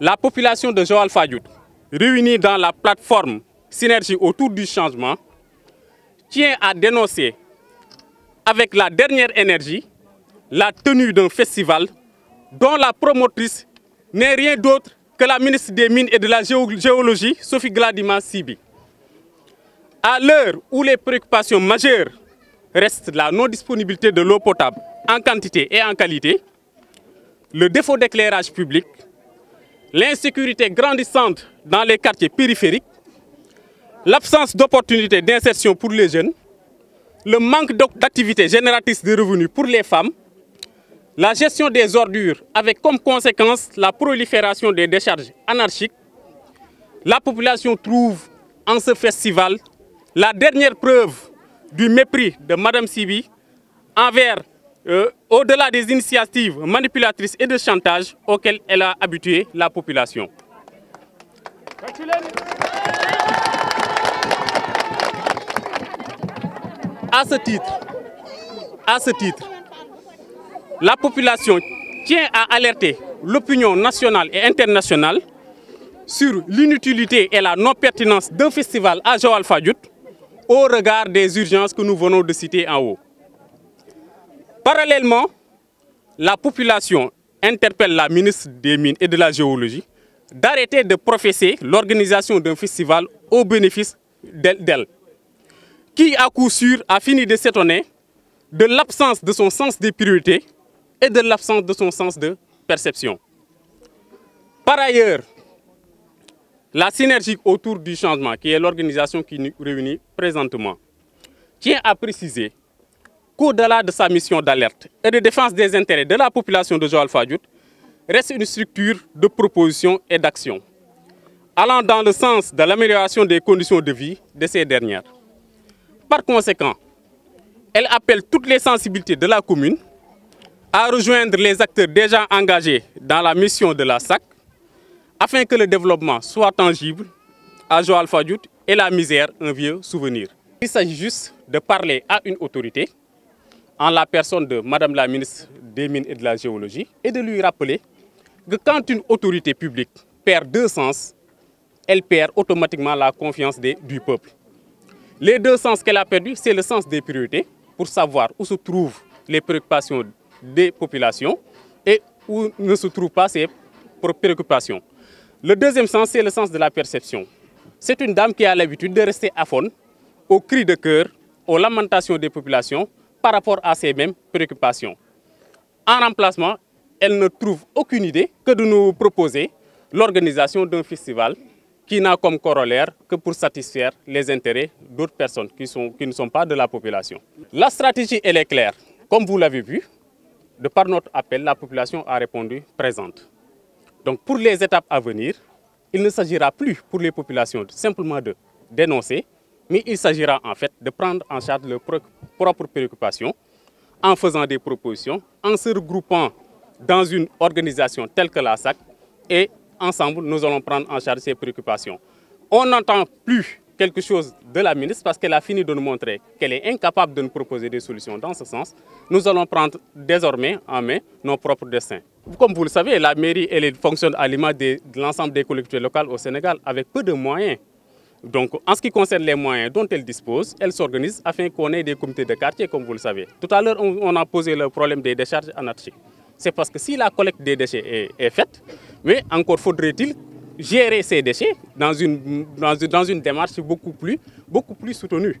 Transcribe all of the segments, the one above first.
La population de Joal Fayoud, réunie dans la plateforme Synergie autour du changement, tient à dénoncer avec la dernière énergie la tenue d'un festival dont la promotrice n'est rien d'autre que la ministre des Mines et de la Géologie, Sophie Gladima Sibi. À l'heure où les préoccupations majeures restent la non-disponibilité de l'eau potable en quantité et en qualité, le défaut d'éclairage public, l'insécurité grandissante dans les quartiers périphériques, l'absence d'opportunités d'insertion pour les jeunes, le manque d'activités génératrices de revenus pour les femmes, la gestion des ordures avec comme conséquence la prolifération des décharges anarchiques, la population trouve en ce festival la dernière preuve du mépris de Madame Sibi envers euh, au-delà des initiatives manipulatrices et de chantage auxquelles elle a habitué la population. À ce titre, à ce titre, la population tient à alerter l'opinion nationale et internationale sur l'inutilité et la non-pertinence d'un festival à Joal Fadjout au regard des urgences que nous venons de citer en haut. Parallèlement, la population interpelle la ministre des Mines et de la Géologie d'arrêter de professer l'organisation d'un festival au bénéfice d'elle, qui à coup sûr a fini de s'étonner de l'absence de son sens des priorités et de l'absence de son sens de perception. Par ailleurs, la synergie autour du changement, qui est l'organisation qui nous réunit présentement, tient à préciser qu'au-delà de sa mission d'alerte et de défense des intérêts de la population de Joal Fadjout, reste une structure de proposition et d'action, allant dans le sens de l'amélioration des conditions de vie de ces dernières. Par conséquent, elle appelle toutes les sensibilités de la commune à rejoindre les acteurs déjà engagés dans la mission de la SAC afin que le développement soit tangible à Joal Fadjout et la misère un vieux souvenir. Il s'agit juste de parler à une autorité en la personne de Madame la ministre des Mines et de la Géologie, et de lui rappeler que quand une autorité publique perd deux sens, elle perd automatiquement la confiance du peuple. Les deux sens qu'elle a perdus, c'est le sens des priorités, pour savoir où se trouvent les préoccupations des populations et où ne se trouvent pas ces préoccupations. Le deuxième sens, c'est le sens de la perception. C'est une dame qui a l'habitude de rester à fond, au cris de cœur, aux lamentations des populations, par rapport à ces mêmes préoccupations. En remplacement, elle ne trouve aucune idée que de nous proposer l'organisation d'un festival qui n'a comme corollaire que pour satisfaire les intérêts d'autres personnes qui, sont, qui ne sont pas de la population. La stratégie, elle est claire. Comme vous l'avez vu, de par notre appel, la population a répondu présente. Donc pour les étapes à venir, il ne s'agira plus pour les populations simplement de dénoncer, mais il s'agira en fait de prendre en charge leurs propres préoccupations en faisant des propositions, en se regroupant dans une organisation telle que la SAC et ensemble nous allons prendre en charge ces préoccupations. On n'entend plus quelque chose de la ministre parce qu'elle a fini de nous montrer qu'elle est incapable de nous proposer des solutions dans ce sens. Nous allons prendre désormais en main nos propres dessins. Comme vous le savez, la mairie elle, fonctionne à l'image de l'ensemble des collectivités locales au Sénégal avec peu de moyens. Donc, en ce qui concerne les moyens dont elle dispose, elle s'organise afin qu'on ait des comités de quartier, comme vous le savez. Tout à l'heure, on, a posé le problème des décharges anarchiques. C'est parce que si la collecte des déchets est, faite, mais encore faudrait-il gérer ces déchets dans une, dans une démarche beaucoup plus, beaucoup plus soutenue.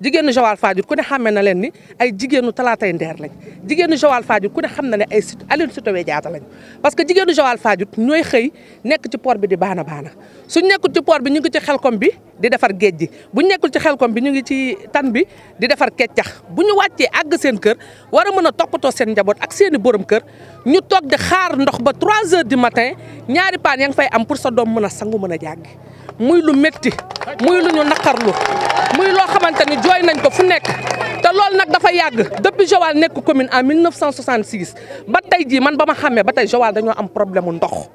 jigéenu Joal Fadiouth ku ne xamee na leen ni ay jigéenu talaatay ndeer lañ jigéenu Joal Fadiouth ku ne xam na ne ay sit Aline Sitoé Diatta lañ parce que jigéenu Joal Fadiouth ñooy xëy nekk ci port bi di baana baana suñ nekkul ci port bi ñu ngi ci xelkom bi di defar géej bu buñ nekkul ci xelkom bi ñu ngi ci tan bi di defar keccax bu ñu wàccee àgg seen kër war a mën a toppatoo seen njaboot ak seen i borom kër ñu toog di xaar ndox ba trois heures di matin ñaari paan ya nga fay am pour sa doom mën a mën a jàngi muy lu métti muy lu ñu naqarlu muy loo xamante ni jooy nañ ko fu nekk te loolu nag dafa yàgg depuis jowaal nekk commune en 1966 ba tey jii man ba ma xamee ba tey Joal dañoo am problème mu ndox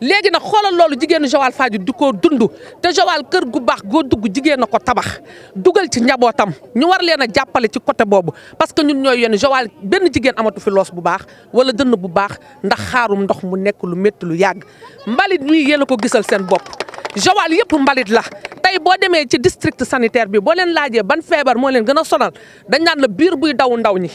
léegi nag xoolal loolu jigéenu Joal Fadiouth du ko dund te Joal kër gu baax goo dugg jigéen a ko tabax dugal ci njabootam ñu war leen a jàppale ci côté boobu parce que ñun ñooy yéen Joal benn jigéen amatu fi loos bu baax wala dënn bu baax ndax xaarum ndox mu nekk lu métti lu yàgg mbalit mi yéen a ko gisal seen bopp. Joal yëpp mbalit la tey boo demee ci district sanitaire bi boo leen laajee ban feebar moo leen gën a sonal dañ naan la biir buy daw ndaw ñi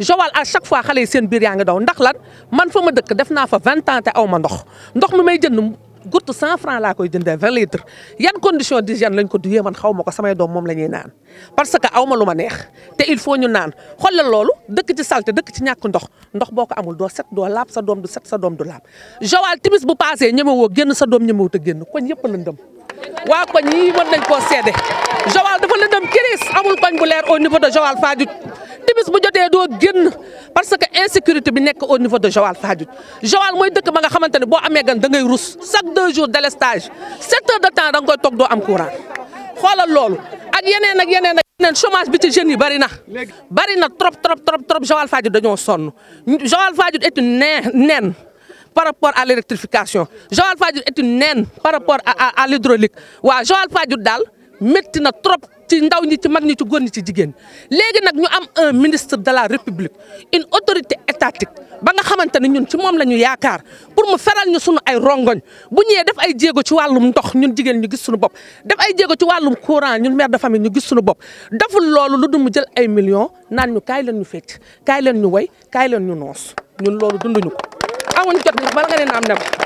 Joal à chaque fois xale seen biir yaa nga daw ndax lan man fa ma dëkk def naa fa vingt ans te aw ma ndox ndox mi may jënd gurtu cent franc laa koy jëndee vingt litres yan condition d'hygiène lañ ko duyee man xaw ko samay doom mom lañuy ñuy naan parce que awma luma neex té il faut ñu naan xolal lolu dëkk ci salté dëkk ci ñak ndox ndox boko amul do set do laab sa doom du set sa doom du laab Joal timis bu paasee ñemewoo génn sa doom ñemewut te génn koñ yëpp lëndëm waa koñ yii mën nañ ko sédé Joal dafa lëndëm kiris amul koñ bu lèr au niveau de Joal Fadiouth timis bu jotee do génn parce que insécurité bi nek au niveau de Joal Fadiouth Joal moy deuk ba nga xamante bo amé gan da ngay chaque deux jours délestage 7 heures de temps da nga koy do doo am courant xoolal lolu ak yenen ak yenen ak yenen chômage bi ci jeune yi bari na bari na trop trop trop trop Joal Fadiouth dañoo sonn Joal Fadiouth est une naine par rapport à l'électrification Joal Fadiouth est une naine par rapport à à l'hydraulique wa Joal Fadiouth dal metti na trop ci ndaw ñi ci mag ñi ci goon ñi ci jigéen léegi nag ñu am ministre de la république une autorité étatique ba nga xamante ne ñun ci moom la ñu yaakaar pour mu feral ñu sunu ay rongoñ bu ñëwee def ay jéego ci wàllum ndox ñun jigéen ñu gis suñu bopp def ay jéego ci wàllum courant ñun mère de famille ñu gis suñu bopp deful loolu lu du mu jël ay millions naan ñu kaay leen ñu fecc kaay leen ñu way kaay leen ñu noos ñun loolu dunduñu ko amuñ jot bala nga am ne ko